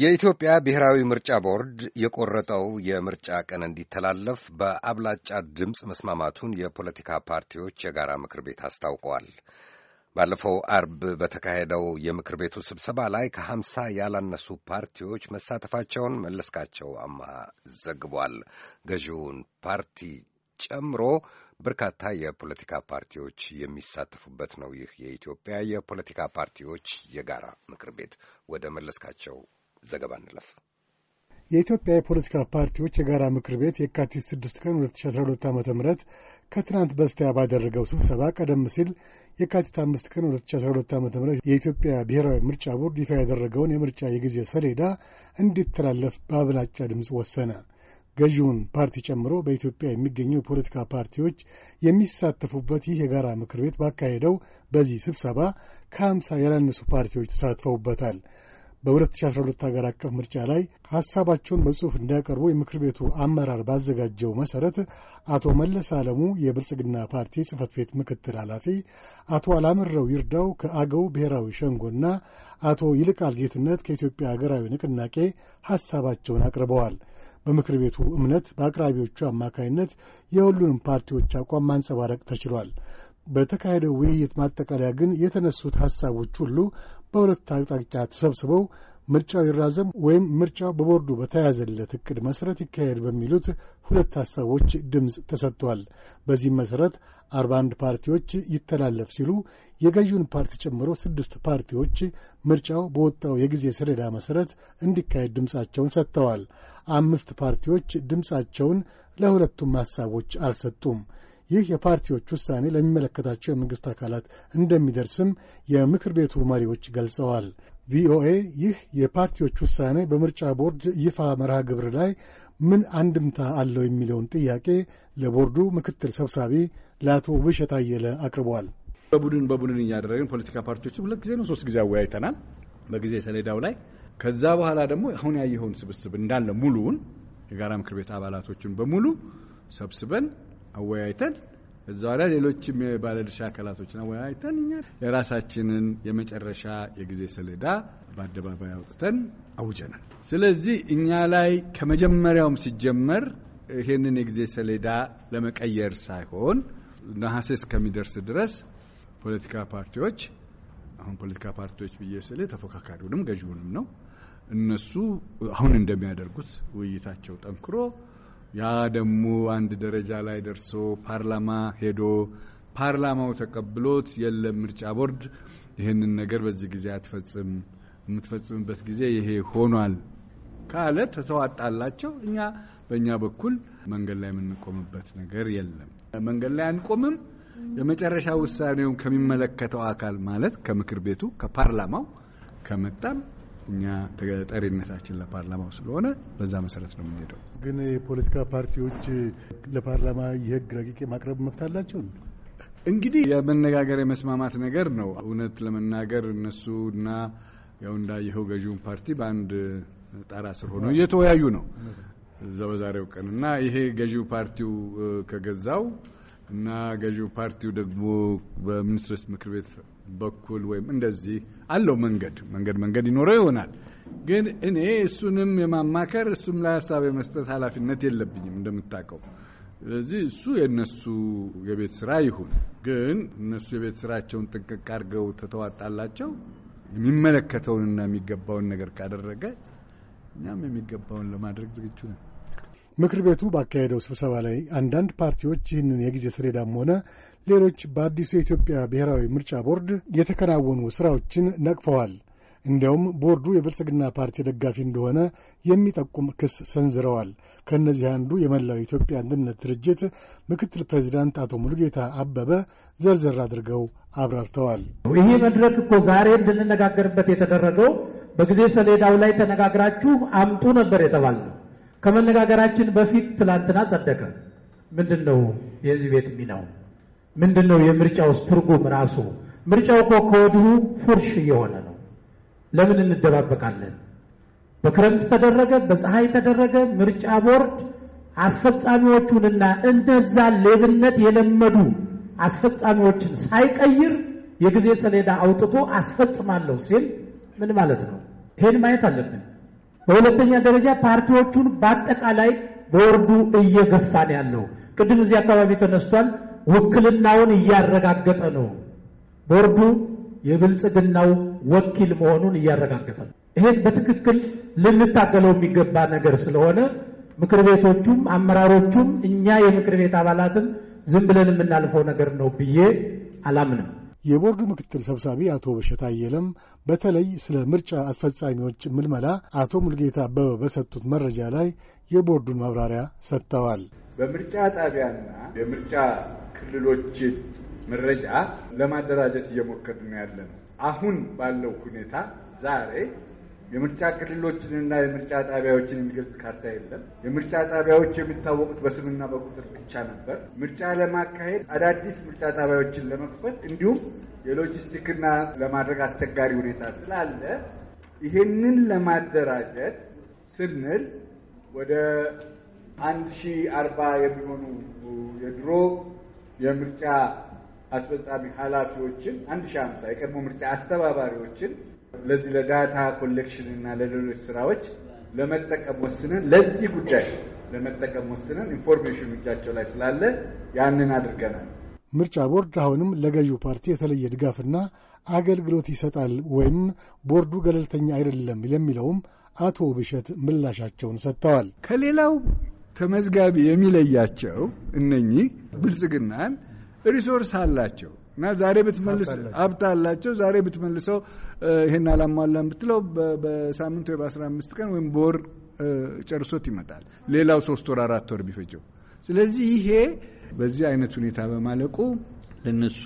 የኢትዮጵያ ብሔራዊ ምርጫ ቦርድ የቆረጠው የምርጫ ቀን እንዲተላለፍ በአብላጫ ድምፅ መስማማቱን የፖለቲካ ፓርቲዎች የጋራ ምክር ቤት አስታውቀዋል። ባለፈው አርብ በተካሄደው የምክር ቤቱ ስብሰባ ላይ ከሀምሳ ያላነሱ ፓርቲዎች መሳተፋቸውን መለስካቸው አማሃ ዘግቧል። ገዢውን ፓርቲ ጨምሮ በርካታ የፖለቲካ ፓርቲዎች የሚሳተፉበት ነው ይህ የኢትዮጵያ የፖለቲካ ፓርቲዎች የጋራ ምክር ቤት። ወደ መለስካቸው ዘገባ እንለፍ። የኢትዮጵያ የፖለቲካ ፓርቲዎች የጋራ ምክር ቤት የካቲት 6 ቀን 2012 ዓ ም ከትናንት በስቲያ ባደረገው ስብሰባ ቀደም ሲል የካቲት 5 ቀን 2012 ዓ ም የኢትዮጵያ ብሔራዊ ምርጫ ቦርድ ይፋ ያደረገውን የምርጫ የጊዜ ሰሌዳ እንዲተላለፍ በአብላጫ ድምፅ ወሰነ። ገዢውን ፓርቲ ጨምሮ በኢትዮጵያ የሚገኙ የፖለቲካ ፓርቲዎች የሚሳተፉበት ይህ የጋራ ምክር ቤት ባካሄደው በዚህ ስብሰባ ከ50 ያላነሱ ፓርቲዎች ተሳትፈውበታል። በ2012 ሀገር አቀፍ ምርጫ ላይ ሐሳባቸውን በጽሑፍ እንዲያቀርቡ የምክር ቤቱ አመራር ባዘጋጀው መሠረት አቶ መለስ አለሙ የብልጽግና ፓርቲ ጽህፈት ቤት ምክትል ኃላፊ፣ አቶ አላምረው ይርዳው ከአገው ብሔራዊ ሸንጎና አቶ ይልቃል ጌትነት ከኢትዮጵያ ሀገራዊ ንቅናቄ ሐሳባቸውን አቅርበዋል። በምክር ቤቱ እምነት በአቅራቢዎቹ አማካይነት የሁሉንም ፓርቲዎች አቋም ማንጸባረቅ ተችሏል። በተካሄደው ውይይት ማጠቃለያ ግን የተነሱት ሐሳቦች ሁሉ በሁለት አቅጣጫ ተሰብስበው ምርጫው ይራዘም ወይም ምርጫው በቦርዱ በተያያዘለት እቅድ መሠረት ይካሄድ በሚሉት ሁለት ሐሳቦች ድምፅ ተሰጥቷል። በዚህም መሠረት አርባ አንድ ፓርቲዎች ይተላለፍ ሲሉ የገዢውን ፓርቲ ጨምሮ ስድስት ፓርቲዎች ምርጫው በወጣው የጊዜ ሰሌዳ መሠረት እንዲካሄድ ድምፃቸውን ሰጥተዋል። አምስት ፓርቲዎች ድምፃቸውን ለሁለቱም ሐሳቦች አልሰጡም። ይህ የፓርቲዎች ውሳኔ ለሚመለከታቸው የመንግሥት አካላት እንደሚደርስም የምክር ቤቱ መሪዎች ገልጸዋል። ቪኦኤ ይህ የፓርቲዎች ውሳኔ በምርጫ ቦርድ ይፋ መርሃ ግብር ላይ ምን አንድምታ አለው የሚለውን ጥያቄ ለቦርዱ ምክትል ሰብሳቢ ለአቶ ውብሸት አየለ አቅርቧል። በቡድን በቡድን እያደረግን ፖለቲካ ፓርቲዎችን ሁለት ጊዜ ነው ሶስት ጊዜ አወያይተናል በጊዜ ሰሌዳው ላይ ከዛ በኋላ ደግሞ አሁን ያየኸውን ስብስብ እንዳለ ሙሉውን የጋራ ምክር ቤት አባላቶችን በሙሉ ሰብስበን አወያይተን እዛ ላይ ሌሎችም የባለድርሻ አካላቶችን አወያይተን እኛ የራሳችንን የመጨረሻ የጊዜ ሰሌዳ በአደባባይ አውጥተን አውጀናል። ስለዚህ እኛ ላይ ከመጀመሪያውም ሲጀመር ይህንን የጊዜ ሰሌዳ ለመቀየር ሳይሆን ነሐሴ እስከሚደርስ ድረስ ፖለቲካ ፓርቲዎች አሁን ፖለቲካ ፓርቲዎች ብዬ ስል ተፎካካሪውንም ገዥውንም ነው። እነሱ አሁን እንደሚያደርጉት ውይይታቸው ጠንክሮ ያ ደግሞ አንድ ደረጃ ላይ ደርሶ ፓርላማ ሄዶ ፓርላማው ተቀብሎት የለም ምርጫ ቦርድ ይህንን ነገር በዚህ ጊዜ አትፈጽም፣ የምትፈጽምበት ጊዜ ይሄ ሆኗል ካለ ተተዋጣላቸው። እኛ በእኛ በኩል መንገድ ላይ የምንቆምበት ነገር የለም። መንገድ ላይ አንቆምም። የመጨረሻ ውሳኔውን ከሚመለከተው አካል ማለት ከምክር ቤቱ ከፓርላማው ከመጣም እኛ ተጠሪነታችን ለፓርላማው ስለሆነ በዛ መሰረት ነው የምንሄደው። ግን የፖለቲካ ፓርቲዎች ለፓርላማ የህግ ረቂቅ የማቅረብ መብት አላቸው። እንግዲህ የመነጋገር የመስማማት ነገር ነው። እውነት ለመናገር እነሱና ያው እንዳየኸው ገዥውን ፓርቲ በአንድ ጣራ ስር ሆነው እየተወያዩ ነው እዛ በዛሬው ቀን እና ይሄ ገዢው ፓርቲው ከገዛው እና ገዢው ፓርቲው ደግሞ በሚኒስትሮች ምክር ቤት በኩል ወይም እንደዚህ አለው መንገድ መንገድ መንገድ ይኖረው ይሆናል። ግን እኔ እሱንም የማማከር እሱም ላይ ሀሳብ የመስጠት ኃላፊነት የለብኝም እንደምታውቀው። ስለዚህ እሱ የእነሱ የቤት ስራ ይሁን። ግን እነሱ የቤት ስራቸውን ጥንቅቅ አድርገው ተተዋጣላቸው የሚመለከተውንና የሚገባውን ነገር ካደረገ እኛም የሚገባውን ለማድረግ ዝግጁ ነን። ምክር ቤቱ ባካሄደው ስብሰባ ላይ አንዳንድ ፓርቲዎች ይህንን የጊዜ ሰሌዳም ሆነ ሌሎች በአዲሱ የኢትዮጵያ ብሔራዊ ምርጫ ቦርድ የተከናወኑ ሥራዎችን ነቅፈዋል። እንዲያውም ቦርዱ የብልጽግና ፓርቲ ደጋፊ እንደሆነ የሚጠቁም ክስ ሰንዝረዋል። ከእነዚህ አንዱ የመላው የኢትዮጵያ አንድነት ድርጅት ምክትል ፕሬዚዳንት አቶ ሙሉጌታ አበበ ዘርዘር አድርገው አብራርተዋል። ይህ መድረክ እኮ ዛሬ እንድንነጋገርበት የተደረገው በጊዜ ሰሌዳው ላይ ተነጋግራችሁ አምጡ ነበር የተባልነው ከመነጋገራችን በፊት ትላንትና ጸደቀ። ምንድን ነው የዚህ ቤት ሚናው? ምንድን ነው የምርጫውስ ትርጉም ራሱ? ምርጫው እኮ ከወዲሁ ፉርሽ እየሆነ ነው። ለምን እንደባበቃለን? በክረምት ተደረገ፣ በፀሐይ ተደረገ። ምርጫ ቦርድ አስፈጻሚዎቹንና እንደዛ ሌብነት የለመዱ አስፈጻሚዎችን ሳይቀይር የጊዜ ሰሌዳ አውጥቶ አስፈጽማለሁ ሲል ምን ማለት ነው? ይሄን ማየት አለብን። በሁለተኛ ደረጃ ፓርቲዎቹን በአጠቃላይ ቦርዱ እየገፋ ነው ያለው። ቅድም እዚህ አካባቢ ተነስቷል። ውክልናውን እያረጋገጠ ነው። ቦርዱ የብልጽግናው ወኪል መሆኑን እያረጋገጠ ነው። ይሄን በትክክል ልንታገለው የሚገባ ነገር ስለሆነ ምክር ቤቶቹም አመራሮቹም እኛ የምክር ቤት አባላትም ዝም ብለን የምናልፈው ነገር ነው ብዬ አላምንም። የቦርዱ ምክትል ሰብሳቢ አቶ በሸታ አየለም በተለይ ስለ ምርጫ አስፈጻሚዎች ምልመላ አቶ ሙልጌታ አበበ በሰጡት መረጃ ላይ የቦርዱን ማብራሪያ ሰጥተዋል። በምርጫ ጣቢያና የምርጫ ክልሎች መረጃ ለማደራጀት እየሞከርን ያለ ነው። አሁን ባለው ሁኔታ ዛሬ የምርጫ ክልሎችንና የምርጫ ጣቢያዎችን የሚገልጽ ካርታ የለም። የምርጫ ጣቢያዎች የሚታወቁት በስምና በቁጥር ብቻ ነበር። ምርጫ ለማካሄድ አዳዲስ ምርጫ ጣቢያዎችን ለመክፈት እንዲሁም የሎጂስቲክና ለማድረግ አስቸጋሪ ሁኔታ ስላለ ይሄንን ለማደራጀት ስንል ወደ አንድ ሺህ አርባ የሚሆኑ የድሮ የምርጫ አስፈጻሚ ኃላፊዎችን አንድ ሺ አምሳ የቀድሞ ምርጫ አስተባባሪዎችን ለዚህ ለዳታ ኮሌክሽን እና ለሌሎች ስራዎች ለመጠቀም ወስነን ለዚህ ጉዳይ ለመጠቀም ወስነን ኢንፎርሜሽን እጃቸው ላይ ስላለ ያንን አድርገናል። ምርጫ ቦርድ አሁንም ለገዢው ፓርቲ የተለየ ድጋፍና አገልግሎት ይሰጣል ወይም ቦርዱ ገለልተኛ አይደለም ለሚለውም አቶ ብሸት ምላሻቸውን ሰጥተዋል። ከሌላው ተመዝጋቢ የሚለያቸው እነኚህ ብልጽግናን ሪሶርስ አላቸው። እና ዛሬ ብትመልስ ሀብት አላቸው። ዛሬ ብትመልሰው ይህን አላሟላም ብትለው በሳምንት ወይ በአስራ አምስት ቀን ወይም በወር ጨርሶት ይመጣል። ሌላው ሶስት ወር አራት ወር ቢፈጀው። ስለዚህ ይሄ በዚህ አይነት ሁኔታ በማለቁ ለነሱ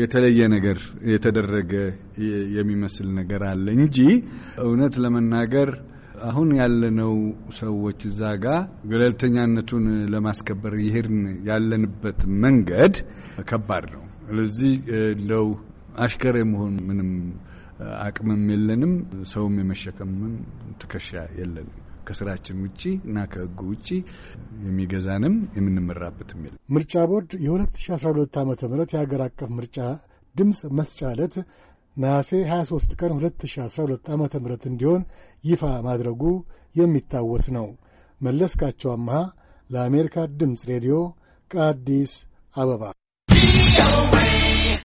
የተለየ ነገር የተደረገ የሚመስል ነገር አለ እንጂ እውነት ለመናገር አሁን ያለነው ሰዎች እዛ ጋ ገለልተኛነቱን ለማስከበር ይሄድን ያለንበት መንገድ ከባድ ነው። ስለዚህ እንደው አሽከር የመሆን ምንም አቅምም የለንም፣ ሰውም የመሸከምም ትከሻ የለንም። ከስራችን ውጪ እና ከህጉ ውጪ የሚገዛንም የምንመራበትም የለም። ምርጫ ቦርድ የ2012 ዓ ም የሀገር አቀፍ ምርጫ ድምፅ መስጫ ዕለት ነሐሴ 23 ቀን 2012 ዓ ም እንዲሆን ይፋ ማድረጉ የሚታወስ ነው። መለስካቸው አምሃ ለአሜሪካ ድምፅ ሬዲዮ ከአዲስ አበባ show.